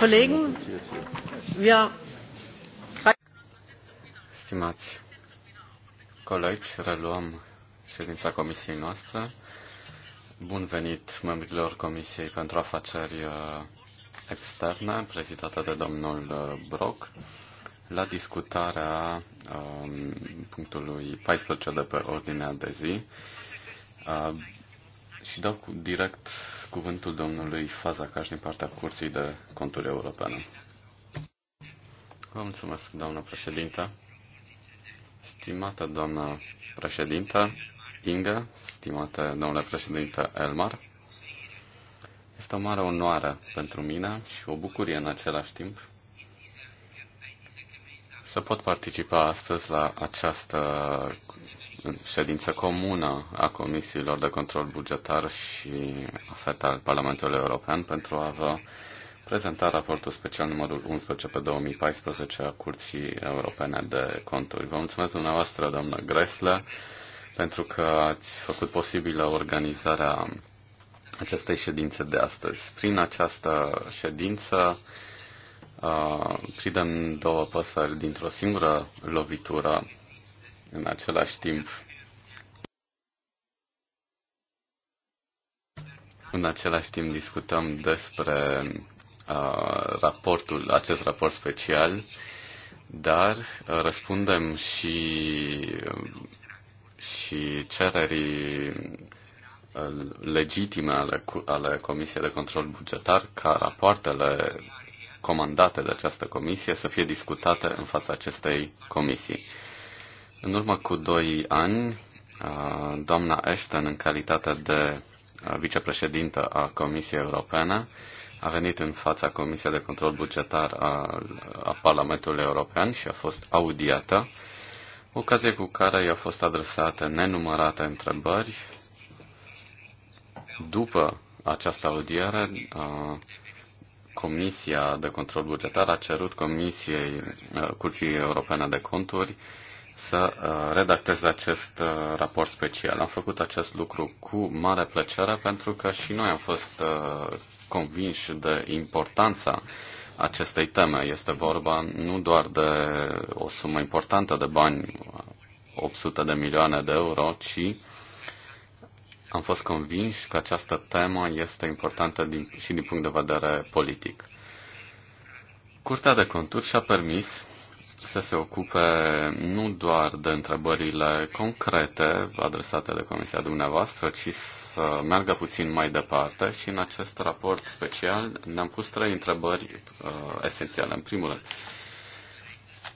Kollegen, wir Stimați colegi, reluăm ședința comisiei noastre. Bun venit membrilor Comisiei pentru Afaceri uh, Externe, prezidată de domnul uh, Brock, la discutarea um, punctului 14 de pe ordinea de zi. Uh, și dau direct cuvântul domnului Caș din partea Curții de Conturi Europene. Vă mulțumesc, doamnă președintă. Stimată doamnă președintă Inga, stimată domnule președintă Elmar, este o mare onoare pentru mine și o bucurie în același timp să pot participa astăzi la această ședință comună a Comisiilor de Control Bugetar și FET al Parlamentului European pentru a vă prezenta raportul special numărul 11 pe 2014 a Curții Europene de Conturi. Vă mulțumesc dumneavoastră, doamnă Gresle, pentru că ați făcut posibilă organizarea acestei ședințe de astăzi. Prin această ședință uh, pridem două păsări dintr-o singură lovitură în același timp În același timp discutăm despre uh, raportul, acest raport special, dar uh, răspundem și, și cererii uh, legitime ale, ale Comisiei de Control Bugetar ca rapoartele comandate de această comisie să fie discutate în fața acestei comisii. În urmă cu doi ani, doamna Ashton, în calitate de vicepreședintă a Comisiei Europene, a venit în fața Comisiei de Control Bugetar a, a Parlamentului European și a fost audiată, ocazie cu care i-au fost adresate nenumărate întrebări. După această audiere, a, Comisia de Control Bugetar a cerut Comisiei Curții Europene de Conturi să uh, redactez acest uh, raport special. Am făcut acest lucru cu mare plăcere pentru că și noi am fost uh, convinși de importanța acestei teme. Este vorba nu doar de o sumă importantă de bani, 800 de milioane de euro, ci am fost convinși că această temă este importantă din, și din punct de vedere politic. Curtea de conturi și-a permis să se ocupe nu doar de întrebările concrete adresate de Comisia dumneavoastră, ci să meargă puțin mai departe și în acest raport special ne-am pus trei întrebări uh, esențiale. În primul rând,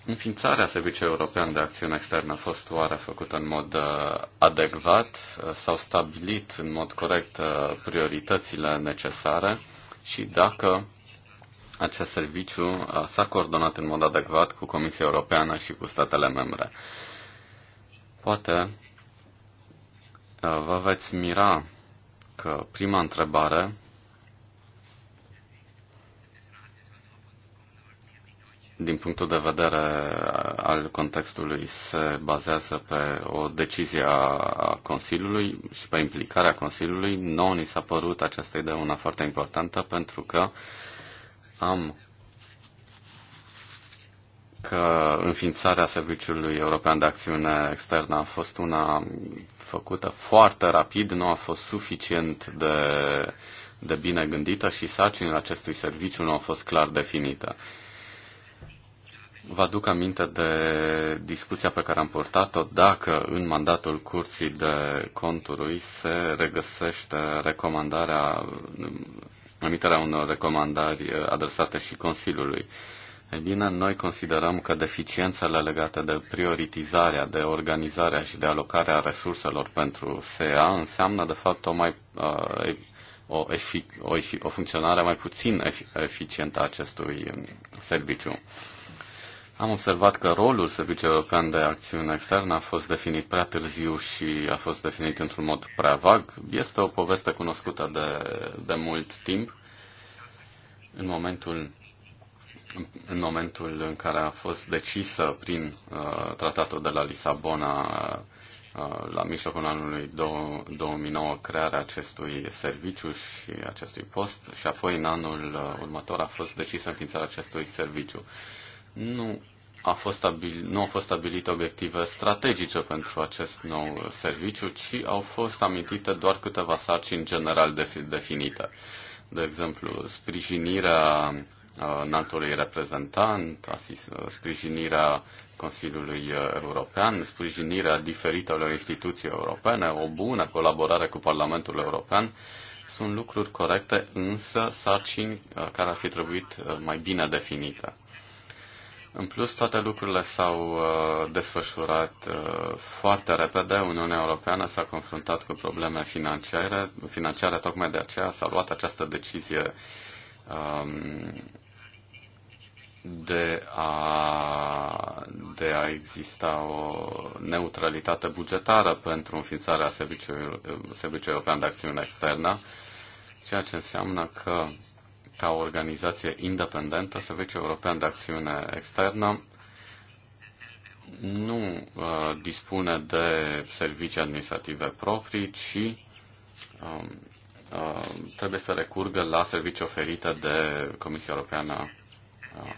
Înființarea Serviciului European de Acțiune Externă a fost oare făcută în mod uh, adecvat? Uh, s-au stabilit în mod corect uh, prioritățile necesare? Și dacă acest serviciu uh, s-a coordonat în mod adecvat cu Comisia Europeană și cu statele membre. Poate uh, vă veți mira că prima întrebare din punctul de vedere al contextului se bazează pe o decizie a Consiliului și pe implicarea Consiliului. Nouă ni s-a părut această idee una foarte importantă pentru că uh, am că înființarea Serviciului European de Acțiune Externă a fost una făcută foarte rapid, nu a fost suficient de, de bine gândită și sarcinile acestui serviciu nu au fost clar definite. Vă aduc aminte de discuția pe care am purtat-o dacă în mandatul curții de conturi se regăsește recomandarea emiterea unor recomandări eh, adresate și Consiliului. Ei bine, noi considerăm că deficiențele legate de prioritizarea, de organizarea și de alocarea resurselor pentru SEA înseamnă, de fapt, o, mai, eh, o, efic- o, efic- o funcționare mai puțin efic- eficientă a acestui mm, serviciu. Am observat că rolul Serviciului European de Acțiune Externă a fost definit prea târziu și a fost definit într-un mod prea vag. Este o poveste cunoscută de, de mult timp. În momentul, în momentul în care a fost decisă prin uh, tratatul de la Lisabona uh, la mijlocul anului 2009 crearea acestui serviciu și acestui post și apoi în anul uh, următor a fost decisă înființarea acestui serviciu. Uh, nu a fost stabil, nu au fost stabilite obiective strategice pentru acest nou serviciu, ci au fost amintite doar câteva sarcini general definite. De exemplu, sprijinirea uh, natului reprezentant, uh, sprijinirea Consiliului European, sprijinirea diferitelor instituții europene, o bună colaborare cu Parlamentul European, sunt lucruri corecte, însă sarcini uh, care ar fi trebuit mai bine definite. În plus, toate lucrurile s-au uh, desfășurat uh, foarte repede. Uniunea Europeană s-a confruntat cu probleme financiare, financiare tocmai de aceea s-a luat această decizie um, de, a, de a exista o neutralitate bugetară pentru înființarea Serviciului European de Acțiune Externă, ceea ce înseamnă că ca o organizație independentă, Serviciul European de Acțiune Externă nu uh, dispune de servicii administrative proprii, ci uh, uh, trebuie să recurgă la servicii oferite de Comisia Europeană uh,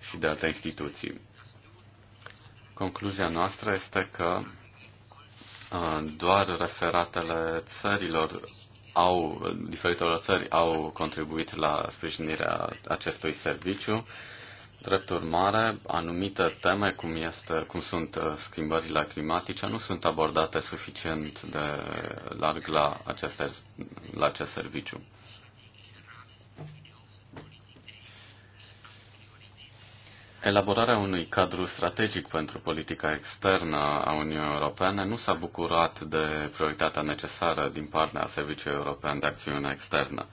și de alte instituții. Concluzia noastră este că uh, doar referatele țărilor au, diferite țări au contribuit la sprijinirea acestui serviciu. Drept urmare, anumite teme, cum, este, cum sunt uh, schimbările climatice, nu sunt abordate suficient de larg la, aceste, la acest serviciu. Elaborarea unui cadru strategic pentru politica externă a Uniunii Europene nu s-a bucurat de prioritatea necesară din partea Serviciului European de Acțiune Externă.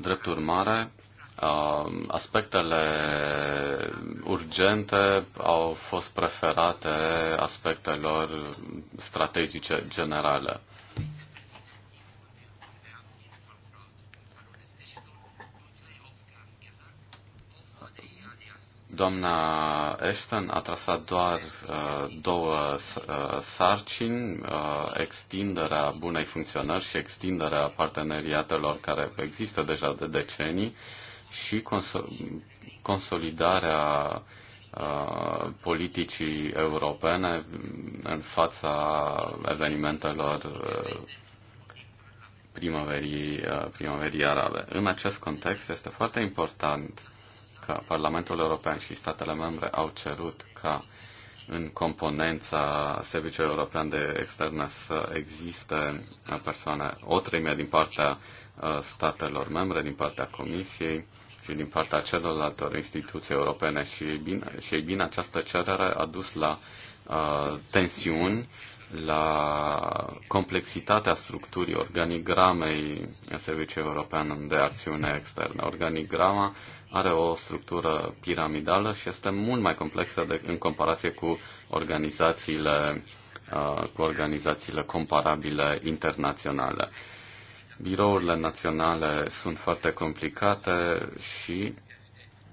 Drept urmare, aspectele urgente au fost preferate aspectelor strategice generale. Doamna Ashton a trasat doar uh, două uh, sarcini, uh, extinderea bunei funcționări și extinderea parteneriatelor care există deja de decenii și cons- consolidarea uh, politicii europene în fața evenimentelor uh, primăverii, uh, primăverii arabe. În acest context este foarte important că Parlamentul European și statele membre au cerut ca în componența Serviciului European de Externe să existe persoane, o treime din partea uh, statelor membre, din partea Comisiei și din partea celorlalte instituții europene și, bine, și bine această cerere a dus la uh, tensiuni uh, la complexitatea structurii organigramei Serviciului European de Acțiune Externă. Organigrama are o structură piramidală și este mult mai complexă de, în comparație cu organizațiile, uh, cu organizațiile comparabile internaționale. Birourile naționale sunt foarte complicate și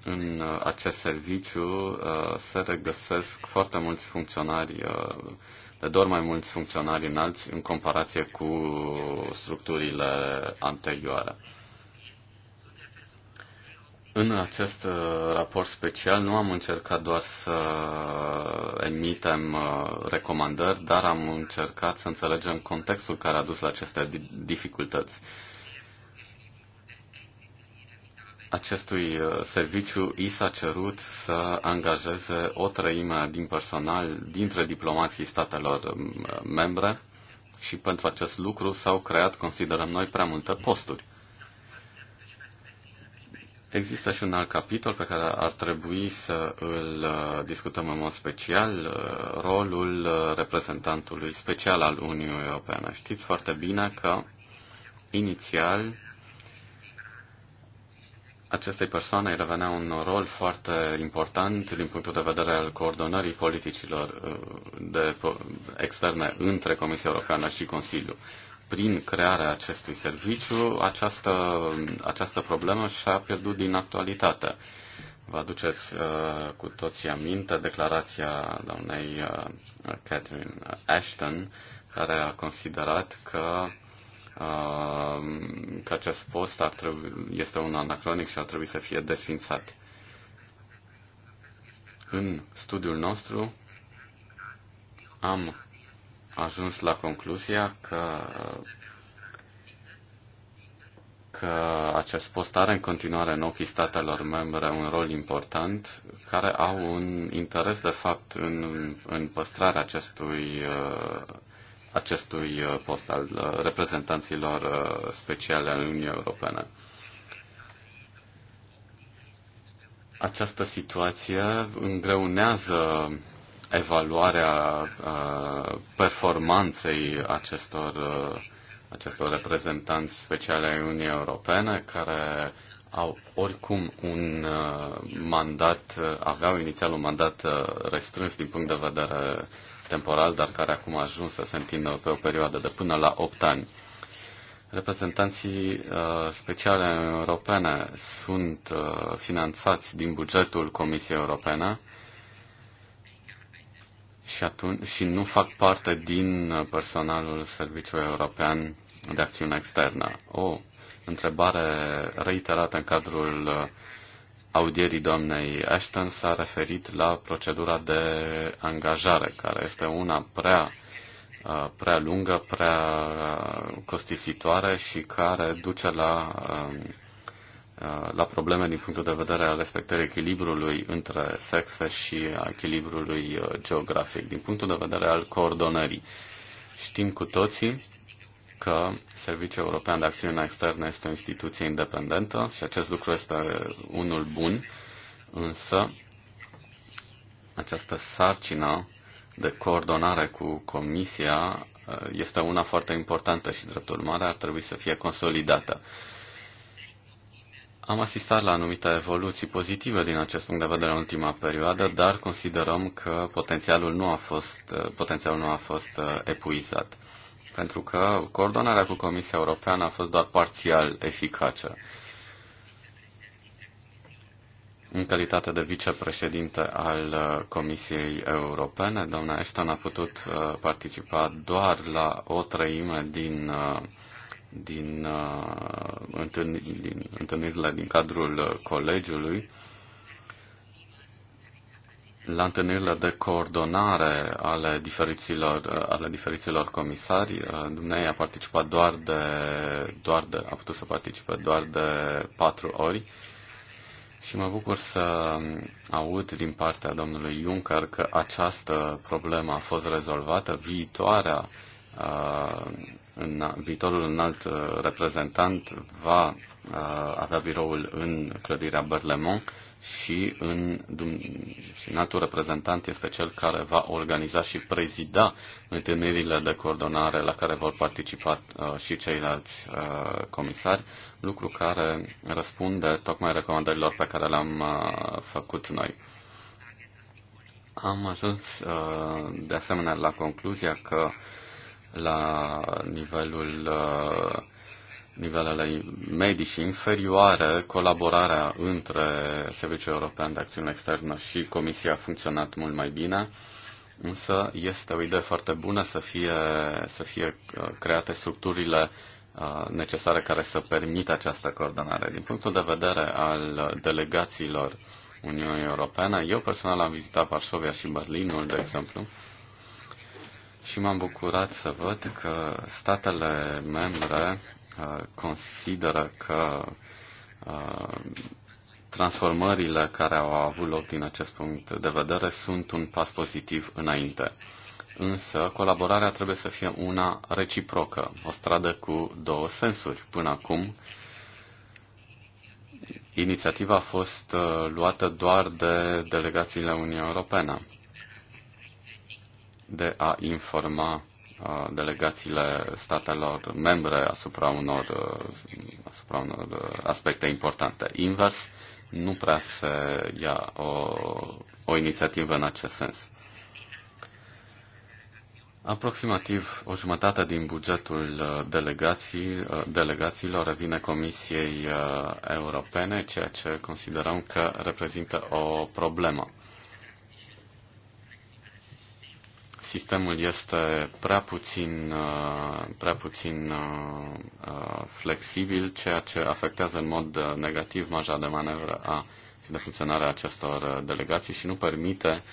în acest serviciu uh, se regăsesc foarte mulți funcționari uh, de doar mai mulți funcționari înalți în comparație cu structurile anterioare. În acest uh, raport special nu am încercat doar să emitem uh, recomandări, dar am încercat să înțelegem contextul care a dus la aceste dificultăți acestui uh, serviciu i s-a cerut să angajeze o treime din personal dintre diplomații statelor um, membre și pentru acest lucru s-au creat, considerăm noi, prea multe posturi. Există și un alt capitol pe care ar trebui să îl uh, discutăm în mod special, uh, rolul reprezentantului special al Uniunii Europene. Știți foarte bine că inițial acestei persoane îi revenea un rol foarte important din punctul de vedere al coordonării politicilor uh, de externe între Comisia Europeană și Consiliu. Prin crearea acestui serviciu, această, această problemă și-a pierdut din actualitate. Vă aduceți uh, cu toții aminte declarația doamnei uh, Catherine Ashton, care a considerat că Um, că acest post ar trebui, este un anacronic și ar trebui să fie desfințat. În studiul nostru am ajuns la concluzia că, că acest post are în continuare în ochii statelor membre un rol important, care au un interes de fapt în, în păstrarea acestui uh, acestui uh, post al uh, reprezentanților uh, speciale al Uniunii Europene. Această situație îngreunează evaluarea performanței acestor, acestor reprezentanți speciale ai Uniunii Europene, care au oricum un mandat, aveau inițial un mandat restrâns din punct de vedere temporal, dar care acum a ajuns să se întindă pe o perioadă de până la 8 ani. Reprezentanții uh, speciale europene sunt uh, finanțați din bugetul Comisiei Europene și, atunci, și nu fac parte din personalul Serviciului European de Acțiune Externă. O întrebare reiterată în cadrul uh, audierii doamnei Ashton s-a referit la procedura de angajare, care este una prea uh, prea lungă, prea costisitoare și care duce la, um, uh, la probleme din punctul de vedere al respectării echilibrului între sexe și echilibrului uh, geografic, din punctul de vedere al coordonării. Știm cu toții că Serviciul European de Acțiune Externă este o instituție independentă și acest lucru este unul bun, însă această sarcină de coordonare cu Comisia eh, este una foarte importantă și, drept urmare, ar trebui să fie consolidată. Am asistat la anumite evoluții pozitive din acest punct de vedere în ultima perioadă, dar considerăm că potențialul nu a fost, eh, potențialul nu a fost eh, epuizat pentru că coordonarea cu Comisia Europeană a fost doar parțial eficace. În calitate de vicepreședinte al uh, Comisiei Europene, doamna Ashton a putut uh, participa doar la o treime din, uh, din, din întâlnirile din cadrul colegiului la întâlnirile de coordonare ale diferiților, ale diferiților comisari, uh, dumnei a participat doar de, doar de, a putut să participe doar de patru ori și mă bucur să aud din partea domnului Juncker că această problemă a fost rezolvată, viitoarea uh, în viitorul înalt uh, reprezentant va avea biroul în clădirea Berlemont și, în, Senatul reprezentant este cel care va organiza și prezida întâlnirile de coordonare la care vor participa uh, și ceilalți uh, comisari, lucru care răspunde tocmai recomandărilor pe care le-am uh, făcut noi. Am ajuns de asemenea la concluzia că la nivelul uh, nivelele medii și inferioare, colaborarea între Serviciul European de Acțiune Externă și Comisia a funcționat mult mai bine, însă este o idee foarte bună să fie, să fie uh, create structurile uh, necesare care să permită această coordonare. Din punctul de vedere al delegațiilor Uniunii Europene, eu personal am vizitat Varsovia și Berlinul, de exemplu, și m-am bucurat să văd că statele membre Uh, consideră că uh, transformările care au avut loc din acest punct de vedere sunt un pas pozitiv înainte. Însă, colaborarea trebuie să fie una reciprocă, o stradă cu două sensuri. Până acum, inițiativa a fost uh, luată doar de delegațiile Uniunii Europene de a informa delegațiile statelor membre asupra unor, uh, asupra unor uh, aspecte importante. Invers, nu prea se ia o, o inițiativă în acest sens. Aproximativ o jumătate din bugetul uh, delegații, delegațiilor revine Comisiei Europene, ceea ce considerăm că reprezintă o problemă. sistemul este prea puțin, uh, prea puțin uh, uh, flexibil, ceea ce afectează în mod negativ marja de manevră a și de funcționare a acestor delegații și nu permite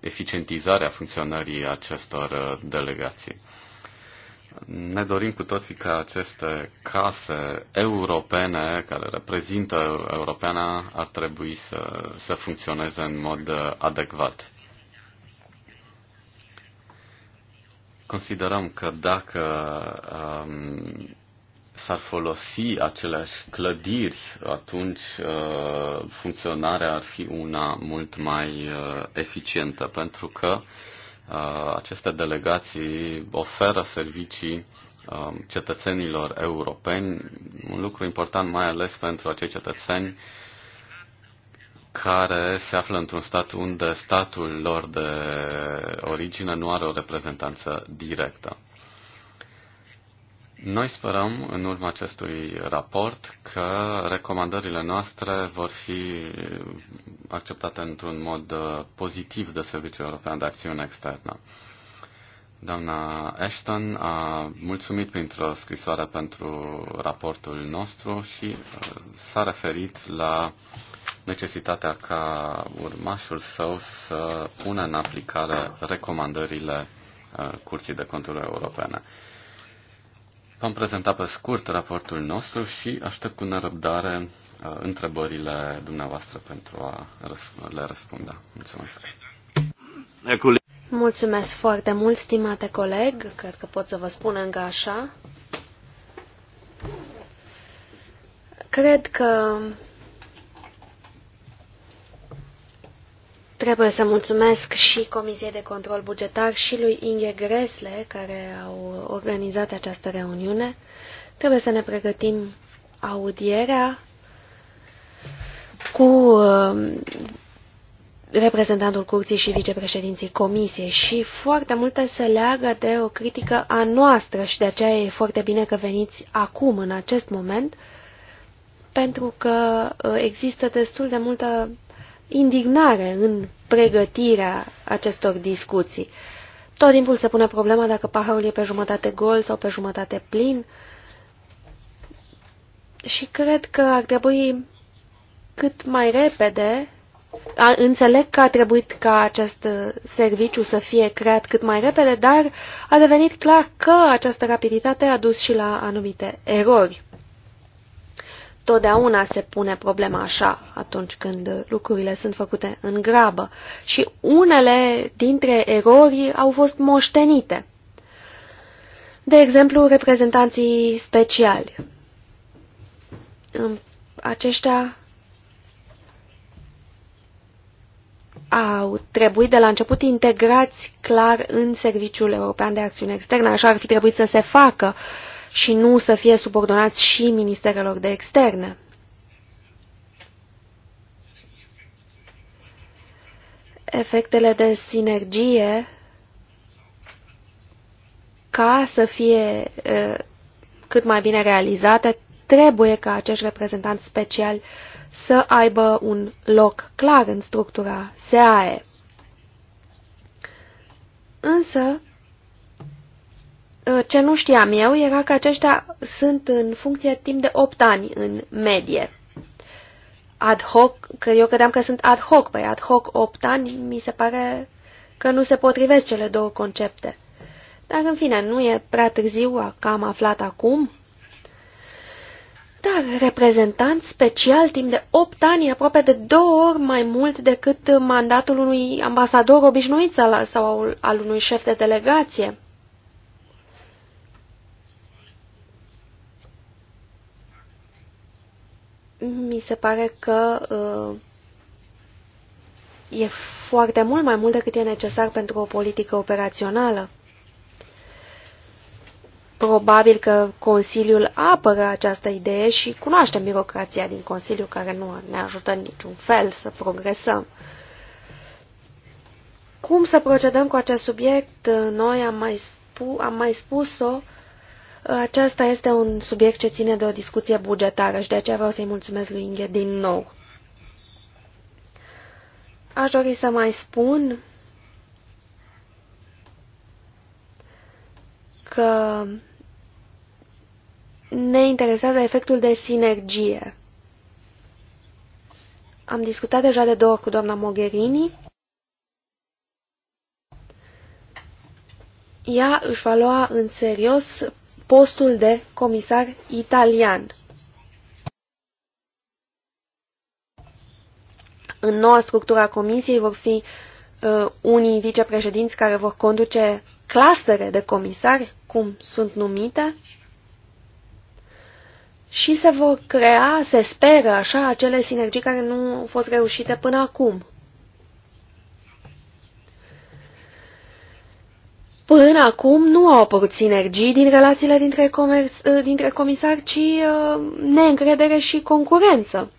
eficientizarea funcționării acestor delegații. Ne dorim cu toții ca aceste case europene care reprezintă europeana ar trebui să, să funcționeze în mod adecvat. Considerăm că dacă um, s-ar folosi aceleași clădiri, atunci uh, funcționarea ar fi una mult mai uh, eficientă, pentru că uh, aceste delegații oferă servicii um, cetățenilor europeni, un lucru important mai ales pentru acei cetățeni care se află într-un stat unde statul lor de origine nu are o reprezentanță directă. Noi sperăm, în urma acestui raport, că recomandările noastre vor fi acceptate într-un mod uh, pozitiv de Serviciul European de Acțiune Externă. Doamna Ashton a mulțumit printr-o scrisoare pentru raportul nostru și uh, s-a referit la necesitatea ca urmașul său să pună în aplicare recomandările uh, Curții de Conturi Europene. Vom prezenta pe scurt raportul nostru și aștept cu nerăbdare uh, întrebările dumneavoastră pentru a le răspunde. Mulțumesc! Mulțumesc foarte mult, stimate coleg. Cred că pot să vă spun încă așa. Cred că Trebuie să mulțumesc și Comisiei de Control Bugetar și lui Inge Gresle, care au organizat această reuniune. Trebuie să ne pregătim audierea cu uh, reprezentantul curții și vicepreședinții comisiei și foarte multe se leagă de o critică a noastră și de aceea e foarte bine că veniți acum, în acest moment, pentru că uh, există destul de multă indignare în pregătirea acestor discuții. Tot timpul se pune problema dacă paharul e pe jumătate gol sau pe jumătate plin și cred că ar trebui cât mai repede a, înțeleg că a trebuit ca acest uh, serviciu să fie creat cât mai repede, dar a devenit clar că această rapiditate a dus și la anumite erori totdeauna se pune problema așa atunci când lucrurile sunt făcute în grabă și unele dintre erori au fost moștenite. De exemplu, reprezentanții speciali. Aceștia au trebuit de la început integrați clar în Serviciul European de Acțiune Externă, așa ar fi trebuit să se facă uh, și nu să fie subordonați și ministerelor de externe. Efectele de sinergie ca să fie cât mai bine realizate, trebuie ca acești reprezentanți speciali să aibă un loc clar în structura SEAE. Însă, Uh, ce nu știam eu era că aceștia sunt în funcție timp de 8 ani în medie. Ad hoc, că eu credeam că sunt ad hoc, păi ad hoc 8 ani, mi se pare că nu se potrivesc cele două concepte. Dar în fine, nu e prea târziu că am aflat acum. Dar reprezentant special timp de 8 ani, aproape de două ori mai mult decât mandatul unui ambasador obișnuit sau al unui șef de delegație. mi se pare că uh, e foarte mult mai mult decât e necesar pentru o politică operațională. Probabil că Consiliul apără această idee și cunoaște birocrația din Consiliu care nu ne ajută în niciun fel să progresăm. Cum să procedăm cu acest subiect? Noi am mai, spu am mai spus-o aceasta este un subiect ce ține de o discuție bugetară și de aceea vreau să-i mulțumesc lui Inge din nou. Aș dori să mai spun că ne interesează efectul de sinergie. Am discutat deja de două cu doamna Mogherini. Ea își va lua în serios postul de comisar italian. În noua structură a comisiei vor fi uh, unii vicepreședinți care vor conduce clastere de comisari, cum sunt numite, și se vor crea, se speră așa, acele sinergii care nu au fost reușite până acum. Până acum nu au apărut sinergii din relațiile dintre, comerț, ă, dintre comisari, ci ă, neîncredere și concurență.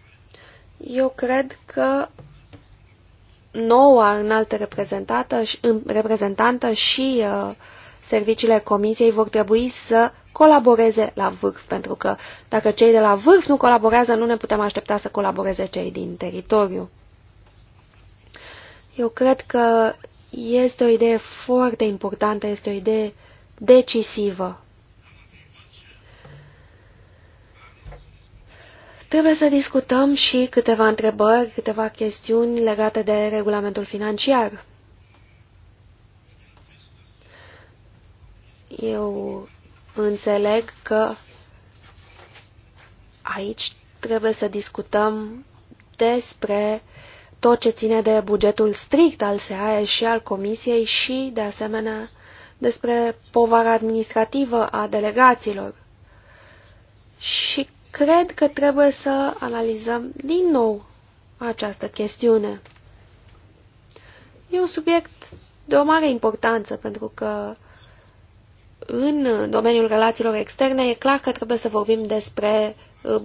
Eu cred că noua înaltă reprezentată, reprezentantă și uh, serviciile comisiei vor trebui să colaboreze la vârf, pentru că dacă cei de la vârf nu colaborează, nu ne putem aștepta să colaboreze cei din teritoriu. Eu cred că este o idee foarte importantă, este o idee decisivă. Trebuie să discutăm și câteva întrebări, câteva chestiuni legate de regulamentul financiar. Eu înțeleg că aici trebuie să discutăm despre uh, tot ce ține de bugetul strict al SEAE și al Comisiei și, de asemenea, despre povara administrativă a delegațiilor. Și cred că trebuie să analizăm din nou această chestiune. E un subiect de o mare importanță, pentru că în domeniul relațiilor externe e clar că trebuie să vorbim despre uh,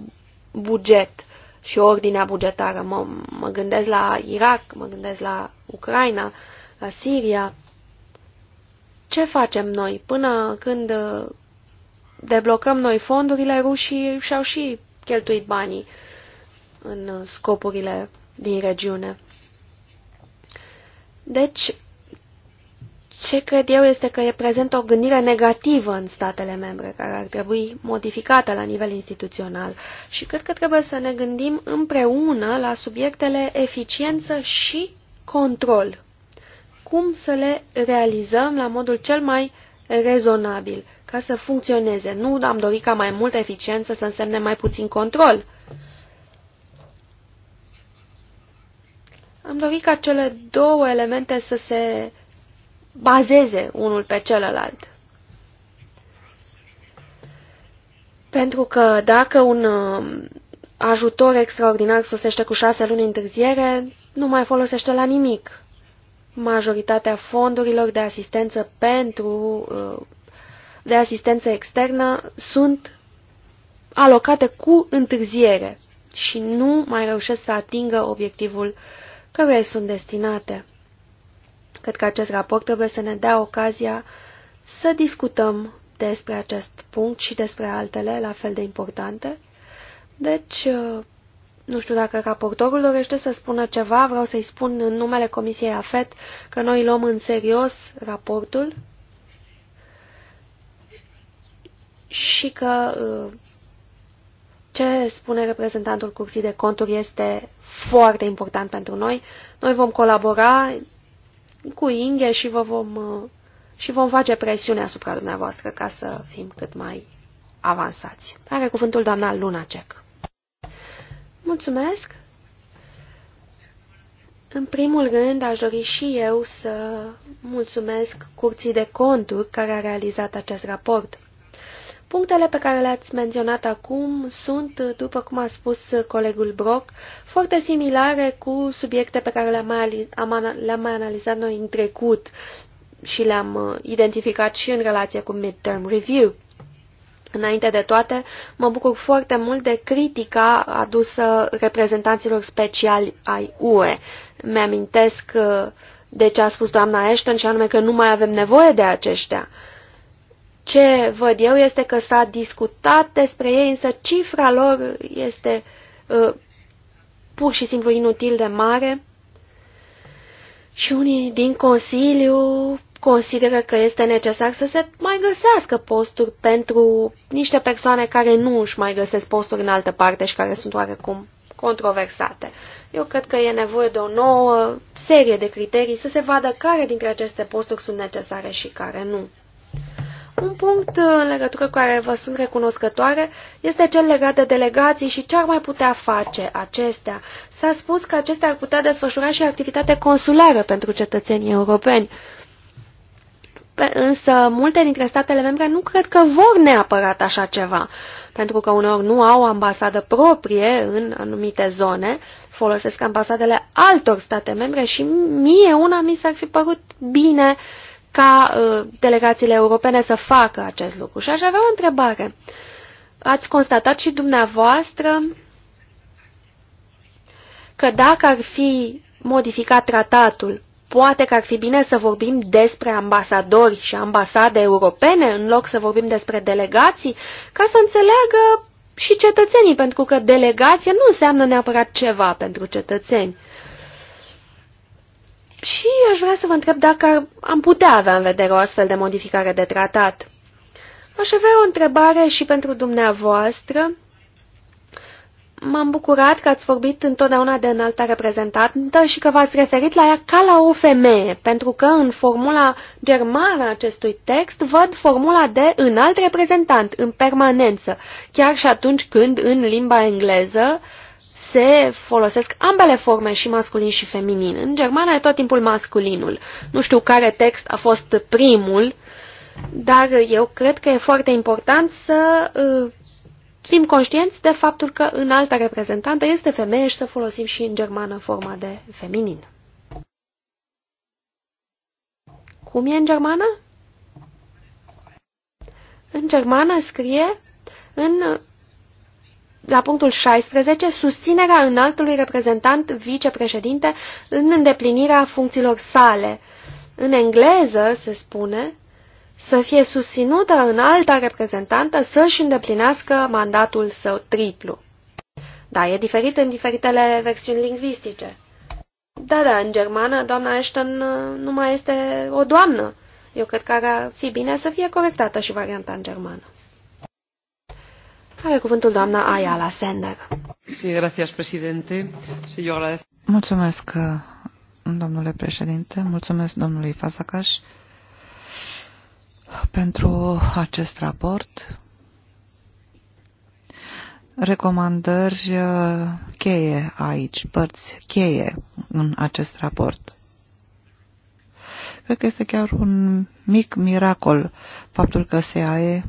buget și ordinea bugetară. Mă, mă gândesc la Irak, mă gândesc la Ucraina, la Siria. Ce facem noi până când uh, deblocăm noi fondurile, rușii și-au și cheltuit banii în uh, scopurile din regiune. Deci, ce cred eu este că reprezintă o gândire negativă în statele membre, care ar trebui modificată la nivel instituțional. Și cred că trebuie să ne gândim împreună la subiectele eficiență și control. Cum să le realizăm la modul cel mai rezonabil, ca să funcționeze. Nu am dorit ca mai multă eficiență să însemne mai puțin control. Am dorit ca cele două elemente să se bazeze unul pe celălalt. Pentru că dacă un um, ajutor extraordinar sosește cu șase luni întârziere, nu mai folosește la nimic. Majoritatea fondurilor de asistență pentru uh, de asistență externă sunt alocate cu întârziere și nu mai reușesc să atingă obiectivul căruia sunt destinate. Cred că acest raport trebuie să ne dea ocazia să discutăm despre acest punct și despre altele la fel de importante. Deci, uh, nu știu dacă raportorul dorește să spună ceva, vreau să-i spun în numele Comisiei AFET că noi luăm în serios raportul și că uh, ce spune reprezentantul Curții de Conturi este foarte important pentru noi. Noi vom colabora cu Inge și, vă vom, uh, și vom face presiune asupra dumneavoastră ca să fim cât mai avansați. Are cuvântul doamna Lunacek. Mulțumesc! În primul rând, aș dori și eu să mulțumesc Curții de Conturi care a realizat acest raport. Punctele pe care le-ați menționat acum sunt, după cum a spus colegul Brock, foarte similare cu subiecte pe care le-am mai, le mai analizat noi în trecut și le-am uh, identificat și în relație cu midterm review. Înainte de toate, mă bucur foarte mult de critica adusă reprezentanților speciali ai UE. Mi-amintesc uh, de ce a spus doamna Ashton și anume că nu mai avem nevoie de aceștia. Uh, ce văd eu este că s-a discutat despre ei, însă cifra lor este uh, pur și simplu inutil de mare și unii din Consiliu consideră că este necesar să se mai găsească posturi pentru niște persoane care nu își mai găsesc posturi în altă parte și care sunt oarecum controversate. Eu cred că e nevoie de o nouă serie de criterii să se vadă care dintre aceste posturi sunt necesare și care nu. Un punct uh, în legătură cu care vă sunt recunoscătoare este cel legat de delegații și ce ar mai putea face acestea. S-a spus că acestea ar putea desfășura și activitate consulară pentru cetățenii europeni. Pe, însă multe dintre statele membre nu cred că vor neapărat așa ceva, pentru că uneori nu au ambasadă proprie în anumite zone, folosesc ambasadele altor state membre și mie una mi s-ar fi părut bine uh, ca uh, delegațiile europene să facă acest lucru. Și aș avea o întrebare. Ați constatat și dumneavoastră că dacă ar fi modificat tratatul, poate că ar fi bine să vorbim despre ambasadori și ambasade europene în loc să vorbim despre delegații, ca să înțeleagă și cetățenii, pentru că delegație nu înseamnă neapărat ceva pentru cetățeni. Și aș vrea să vă întreb dacă am putea avea în vedere o astfel de modificare de tratat. Aș avea o întrebare și pentru dumneavoastră. M-am bucurat că ați vorbit întotdeauna de înalta reprezentantă și că v-ați referit la ea ca la o femeie, pentru că în formula germană acestui text văd formula de înalt reprezentant în permanență, chiar și atunci când în limba engleză uh, se folosesc ambele forme, și masculin și feminin. În germană e tot timpul masculinul. Nu știu care text a fost primul, dar eu cred că e foarte important să uh, fim conștienți de faptul că în alta reprezentantă este femeie și să folosim și în germană forma de feminin. Cum e în germană? În germană scrie în la punctul 16, susținerea înaltului reprezentant vicepreședinte în îndeplinirea funcțiilor sale. În engleză se spune să fie susținută în alta reprezentantă să-și îndeplinească mandatul său triplu. Da, e diferit în diferitele versiuni lingvistice. Da, da, în germană doamna Ashton nu mai este o doamnă. Eu cred că ar fi bine să fie corectată și varianta în germană. Are cuvântul doamna Ayala Sender. Sí, gracias, presidente. Sí, yo agradez... Mulțumesc, domnule președinte. Mulțumesc domnului Fazakas pentru acest raport. Recomandări cheie aici, părți cheie în acest raport. Cred că este chiar un mic miracol faptul că SEAE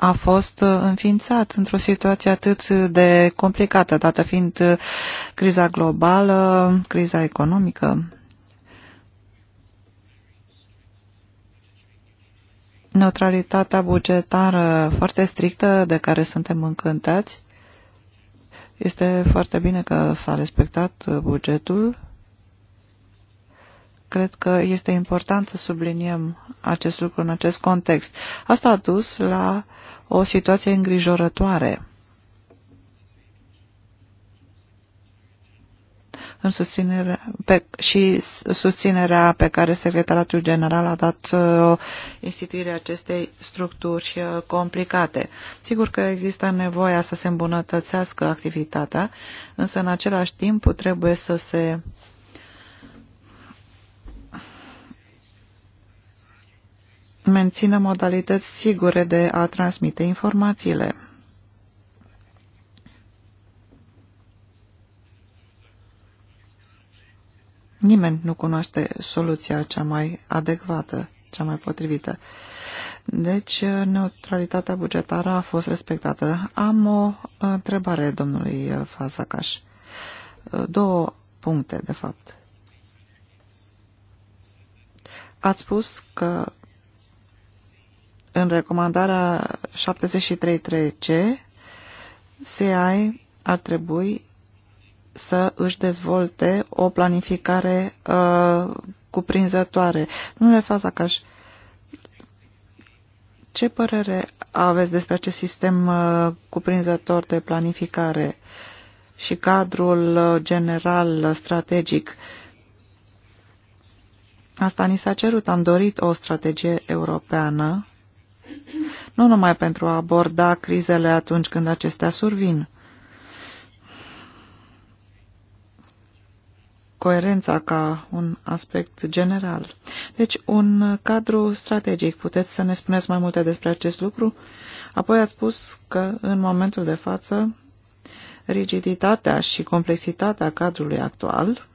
a fost uh, înființat într-o situație atât de complicată, dată fiind uh, criza globală, criza economică. Neutralitatea bugetară foarte strictă de care suntem încântați. Este foarte bine că s-a respectat uh, bugetul Cred că este important să subliniem acest lucru în acest context. Asta a dus la o situație îngrijorătoare în susținere, pe, și susținerea pe care secretaratul General a dat uh, instituirea acestei structuri uh, complicate. Sigur că există nevoia să se îmbunătățească activitatea, însă în același timp trebuie să se mențină modalități sigure de a transmite informațiile. Nimeni nu cunoaște soluția cea mai adecvată, cea mai potrivită. Deci, neutralitatea bugetară a fost respectată. Am o întrebare domnului Fazacaș. Două puncte, de fapt. Ați spus că în recomandarea 73.3c, SEAI ar trebui să își dezvolte o planificare uh, cuprinzătoare. Nu le faza ca și... Ce părere aveți despre acest sistem uh, cuprinzător de planificare și cadrul uh, general uh, strategic? Asta ni s-a cerut. Am dorit o strategie europeană nu numai pentru a aborda crizele atunci când acestea survin. Coerența ca un aspect general. Deci, un cadru strategic. Puteți să ne spuneți mai multe despre acest lucru? Apoi ați spus că, în momentul de față, rigiditatea și complexitatea cadrului actual,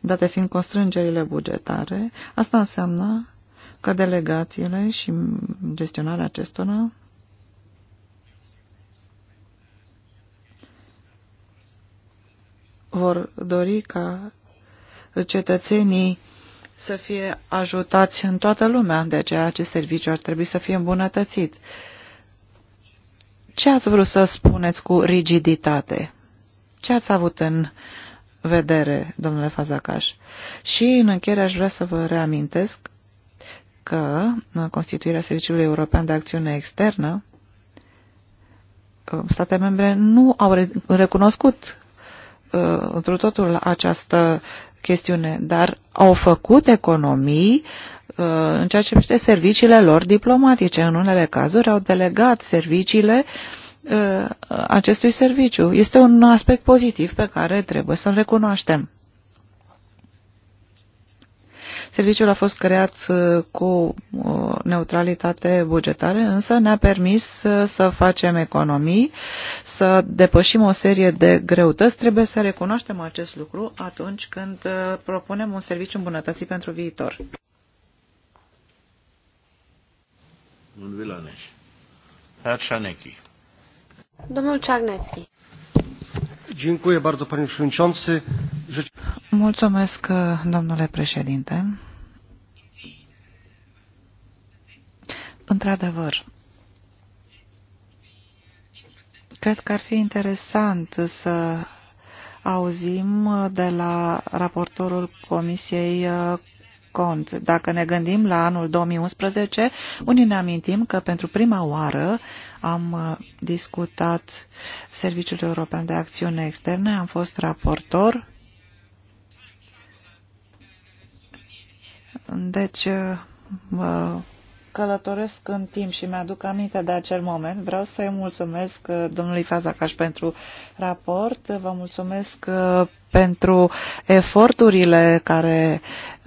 date fiind constrângerile bugetare, asta înseamnă că delegațiile și gestionarea acestora vor dori ca cetățenii să fie ajutați în toată lumea, de deci aceea acest serviciu ar trebui să fie îmbunătățit. Ce ați vrut să spuneți cu rigiditate? Ce ați avut în vedere, domnule Fazacaș? Și în încheiere aș vrea să vă reamintesc că uh, constituirea Serviciului European de Acțiune Externă, uh, state membre nu au recunoscut uh, întru totul această chestiune, dar au făcut economii în ceea ce privește serviciile lor diplomatice. În unele cazuri au delegat serviciile acestui serviciu. Este un aspect pozitiv pe care trebuie să-l recunoaștem. Serviciul a fost creat uh, cu uh, neutralitate bugetară, însă ne-a permis uh, să facem economii, să depășim o serie de greutăți. Trebuie să recunoaștem acest lucru atunci când propunem un serviciu îmbunătățit pentru viitor. Domnul Vilaneș. Domnul Czarnecki. Dziękuję bardzo, panie przewodniczący. Mulțumesc, domnule președinte. Într-adevăr, cred că ar fi interesant să auzim de la raportorul Comisiei uh, Cont. Dacă ne gândim la anul 2011, unii ne amintim că pentru prima oară am uh, discutat Serviciul European de Acțiune Externe, am fost raportor. Deci, uh, călătoresc în timp și mi-aduc aminte de acel moment. Vreau să-i mulțumesc uh, domnului Fazacaș pentru raport, vă mulțumesc uh, pentru eforturile care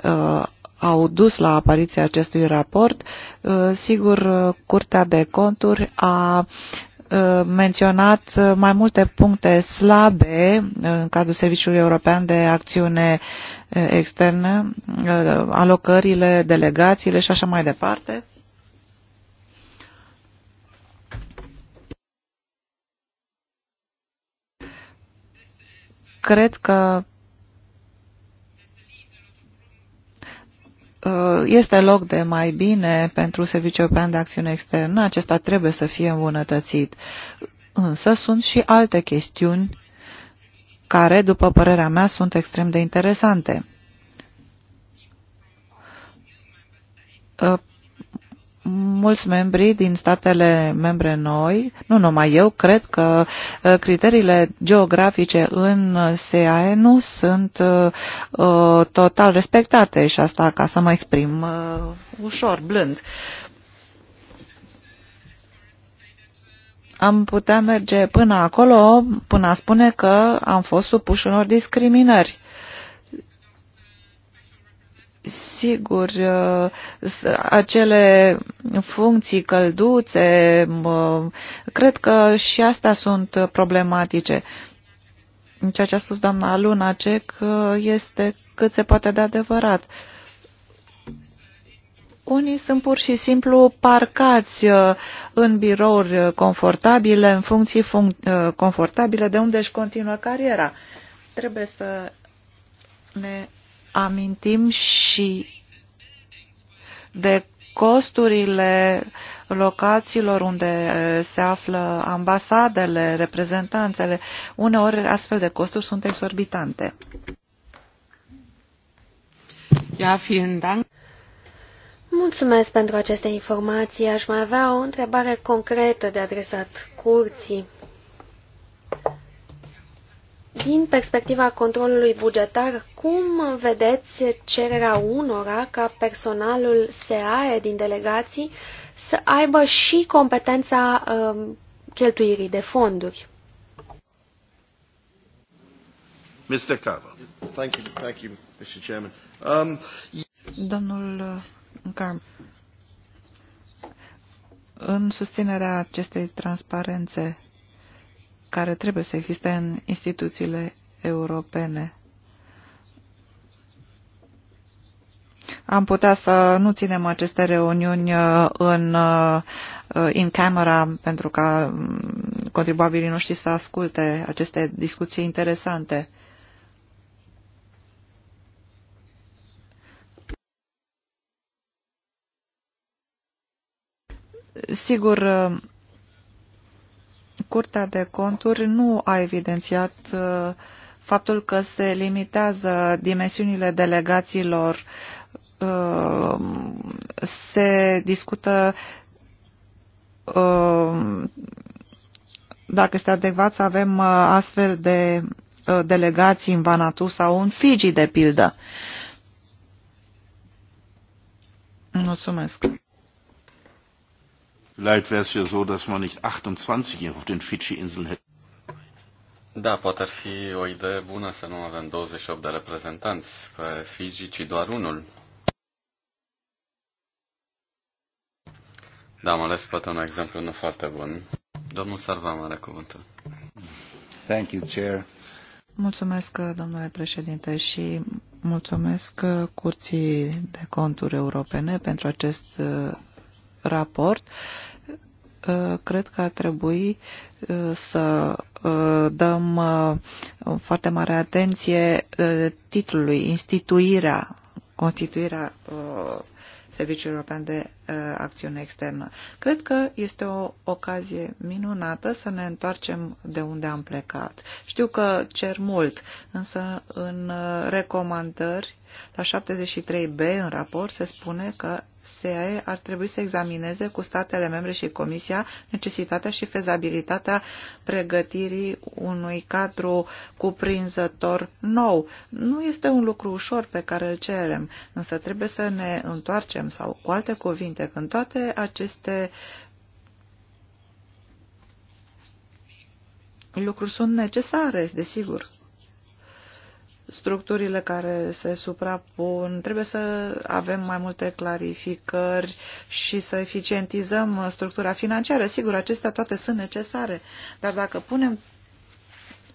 uh, au dus la apariția acestui raport. Sigur, Curtea de Conturi a menționat mai multe puncte slabe în cadrul Serviciului European de Acțiune Externă, alocările, delegațiile și așa mai departe. cred că uh, este loc de mai bine pentru Serviciul European de Acțiune Externă. Acesta trebuie să fie îmbunătățit. Însă sunt și alte chestiuni care, după părerea mea, sunt extrem de interesante. Uh, mulți membri din statele membre noi, nu numai eu, cred că uh, criteriile geografice în SEAE nu sunt uh, uh, total respectate și asta ca să mă exprim uh, ușor, blând. Am putea merge până acolo, până a spune că am fost supuși unor discriminări Sigur, uh, acele funcții călduțe, cred că și astea sunt problematice. Ceea ce a spus doamna Cec este cât se poate de adevărat. Unii sunt pur și simplu parcați uh, în birouri confortabile, în funcții fun uh, confortabile, de unde își continuă cariera. Trebuie să ne amintim și de costurile locațiilor unde se află ambasadele, reprezentanțele. Uneori astfel de costuri sunt exorbitante. Ja, vielen Dank. Mulțumesc pentru aceste informații. Aș mai avea o întrebare concretă de adresat curții. Din perspectiva controlului bugetar, cum vedeți cererea unora ca personalul SAE din delegații să aibă și competența um, cheltuirii de fonduri? Mr. Carver. Thank you, thank you, Mr. Chairman. Um, Domnul uh, Carver, în susținerea acestei transparențe care trebuie să existe în instituțiile europene. Am putea să nu ținem aceste reuniuni uh, în uh, in camera pentru ca mm, contribuabilii noștri să asculte aceste discuții interesante. Sigur, uh, Curtea de Conturi nu a evidențiat uh, faptul că se limitează dimensiunile delegațiilor, uh, se discută uh, dacă este adecvat să avem astfel de delegații în Vanatu sau în Fiji, de pildă. Mulțumesc. Vielleicht wäre es ja so, dass man nicht 28 auf den Fidschi-Inseln hätte. Da, poate ar fi o idee bună să nu avem 28 de reprezentanți pe Fiji, ci doar unul. Da, am ales poate un exemplu nu foarte bun. Domnul sarva are cuvântul. Thank you, Chair. Mulțumesc, domnule președinte, și mulțumesc uh, Curții de Conturi Europene pentru acest uh, raport Uh, cred că ar trebui uh, să uh, dăm foarte mare atenție titlului, instituirea, constituirea Serviciul European de uh, Acțiune Externă. Cred că este o ocazie minunată să ne întoarcem de unde am plecat. Știu că cer mult, însă în uh, recomandări la 73b în raport se spune că SEAE ar trebui să examineze cu statele membre și Comisia necesitatea și fezabilitatea pregătirii unui cadru cuprinzător nou. Nu este un lucru ușor pe care îl cerem, însă trebuie să ne întoarcem sau, cu alte cuvinte, când toate aceste lucruri sunt necesare, desigur structurile care se suprapun, trebuie să avem mai multe clarificări și să eficientizăm structura financiară. Sigur, acestea toate sunt necesare, dar dacă punem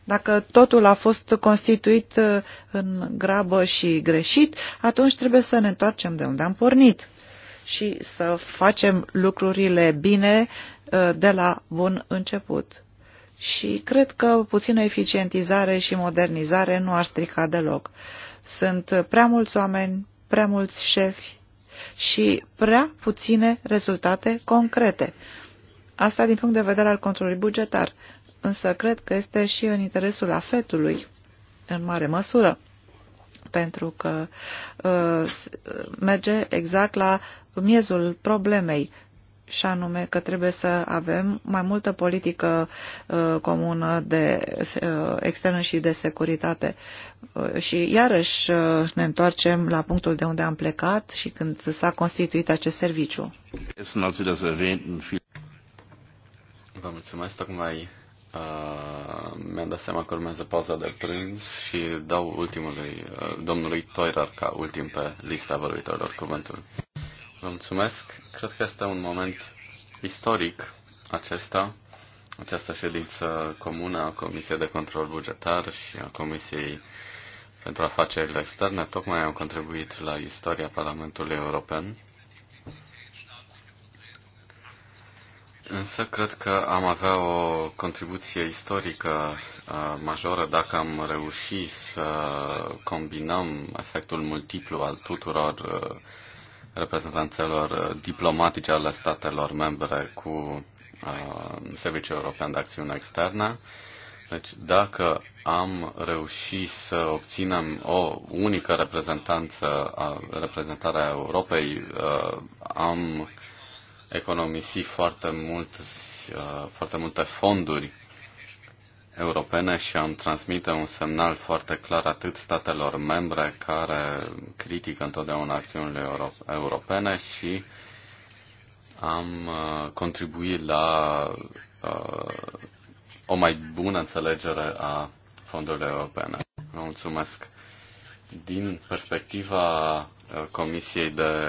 dacă totul a fost constituit uh, în grabă și greșit, atunci trebuie să ne întoarcem de unde am pornit și să facem lucrurile bine uh, de la bun început și cred că puțină eficientizare și modernizare nu ar strica deloc. Sunt prea mulți oameni, prea mulți șefi și prea puține rezultate concrete. Asta din punct de vedere al controlului bugetar, însă cred că este și în interesul afetului, în mare măsură, pentru că uh, merge exact la miezul problemei, și anume că trebuie să avem mai multă politică uh, comună de uh, externă și de securitate. Uh, și iarăși ne întoarcem la punctul de unde am plecat și când s-a constituit acest serviciu. Vă mulțumesc, tocmai uh, mi-am dat seama că urmează pauza de prânz și dau ultimului, uh, domnului Toirar ca ultim pe lista vorbitorilor cuvântul. Vă mulțumesc. Cred că este un moment istoric acesta, această ședință comună a Comisiei de Control Bugetar și a Comisiei pentru Afacerile Externe. Tocmai am contribuit la istoria Parlamentului European. Însă cred că am avea o contribuție istorică uh, majoră dacă am reușit să combinăm efectul multiplu al tuturor uh, reprezentanțelor uh, diplomatice ale statelor membre cu uh, Serviciul European de Acțiune Externă. Deci dacă am reușit să obținem o unică reprezentanță, a, reprezentarea Europei, uh, am economisit foarte, mult, foarte multe fonduri europene și am transmite un semnal foarte clar atât statelor membre care critică întotdeauna acțiunile europene și am uh, contribuit la uh, o mai bună înțelegere a fondurilor europene. Vă mulțumesc. Din perspectiva uh, Comisiei de,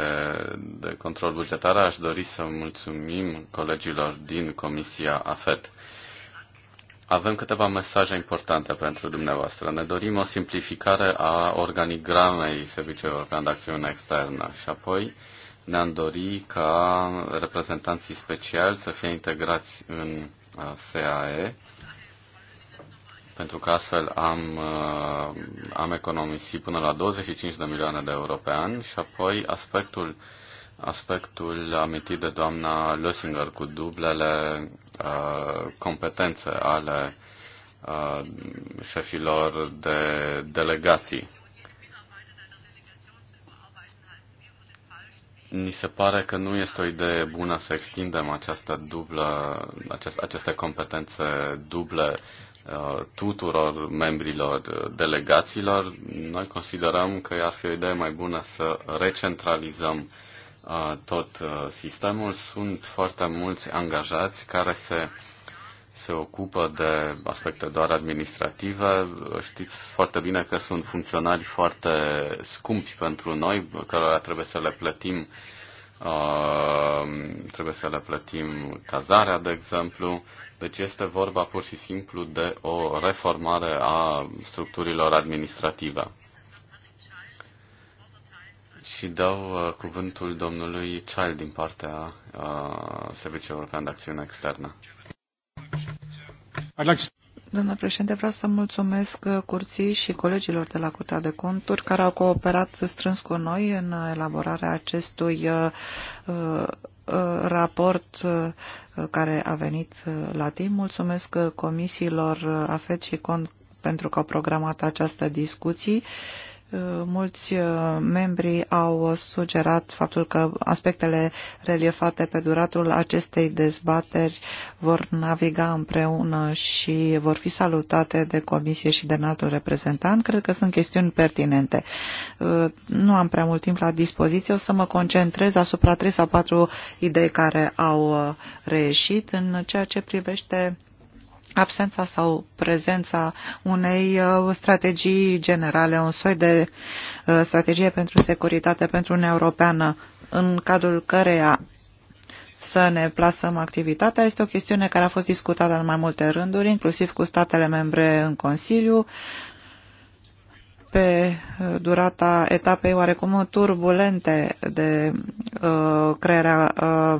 de Control Bugetar, aș dori să mulțumim colegilor din Comisia AFET. Avem câteva mesaje importante pentru dumneavoastră. Ne dorim o simplificare a organigramei Serviciului European de Acțiune Externă și apoi ne-am dori ca reprezentanții speciali să fie integrați în uh, SAE, pentru că astfel am, uh, am economisit până la 25 de milioane de euro pe an și apoi aspectul, aspectul amintit de doamna Lösinger cu dublele Uh, competențe ale uh, șefilor de delegații. Ni se pare că nu este o idee bună să extindem această dublă, acest, aceste competențe duble uh, tuturor membrilor delegațiilor. Noi considerăm că ar fi o idee mai bună să recentralizăm uh, tot sistemul. Sunt foarte mulți angajați care se, se ocupă de aspecte doar administrative. Știți foarte bine că sunt funcționari foarte scumpi pentru noi, cărora trebuie să le plătim Uh, trebuie să le plătim cazarea, de exemplu. Deci este vorba pur și simplu de o reformare a structurilor administrative și dau uh, cuvântul domnului Child din partea uh, Serviciului European de Acțiune Externă. Doamna președinte, vreau să mulțumesc uh, curții și colegilor de la Curtea de Conturi care au cooperat strâns cu noi în elaborarea acestui uh, uh, raport care a venit la timp. Mulțumesc comisiilor AFET și CONT pentru că au programat această discuție Eh, mulți eh, membri au sugerat faptul că aspectele reliefate pe duratul acestei dezbateri vor naviga împreună și vor fi salutate de comisie și de înaltul reprezentant. Cred că sunt chestiuni pertinente. Eh, nu am prea mult timp la dispoziție, o să mă concentrez asupra trei sau patru idei care au reieșit în ceea ce privește absența sau prezența unei uh, strategii generale, un soi de uh, strategie pentru securitate pentru Uniunea Europeană, în cadrul căreia să ne plasăm activitatea este o chestiune care a fost discutată în mai multe rânduri, inclusiv cu statele membre în Consiliu, pe uh, durata etapei oarecum turbulente de uh, crearea uh,